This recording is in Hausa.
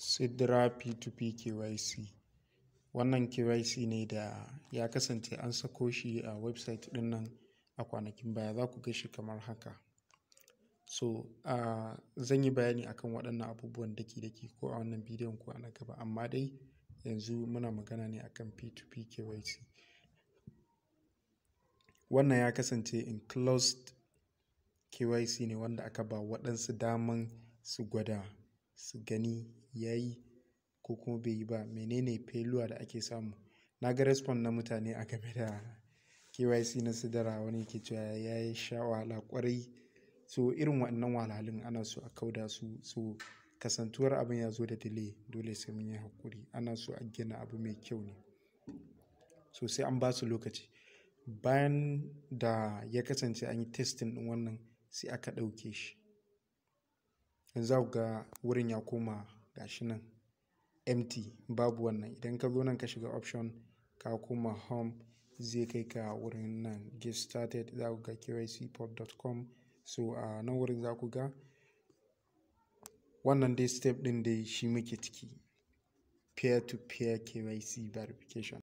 sidra p2p kyc wannan kyc ne da ya kasance an sako shi a website din nan a kwanakin baya za ku ga shi kamar haka so uh, zan yi bayani akan waɗannan abubuwan daki daki ko a wannan bidiyon ko a na gaba amma dai yanzu muna magana ne akan p2p kyc wannan ya kasance enclosed kyc ne wanda aka ba waɗansu daman su gwada su gani ya yi ko kuma bai yi ba menene failure da ake samu na ga respon na mutane a game da KYC na sidara wani ke cewa ya yi sha wahala kwarai so irin waɗannan wahalhalun ana so a kauda su so kasantuwar abin ya zo da delay dole sai mun yi hakuri ana so a gina abu mai kyau ne so sai an ba su lokaci bayan da ya kasance an yi testing ɗin wannan sai aka ɗauke shi yanzu za ku ga wurin ya koma gashi nan empty babu wannan idan ka zo nan ka shiga option ka koma home zai kai ka wurin nan get started za ku ga kycpod.com so a uh, nan wurin za ku ga wannan dai step din dai shi muke ciki peer to peer KYC verification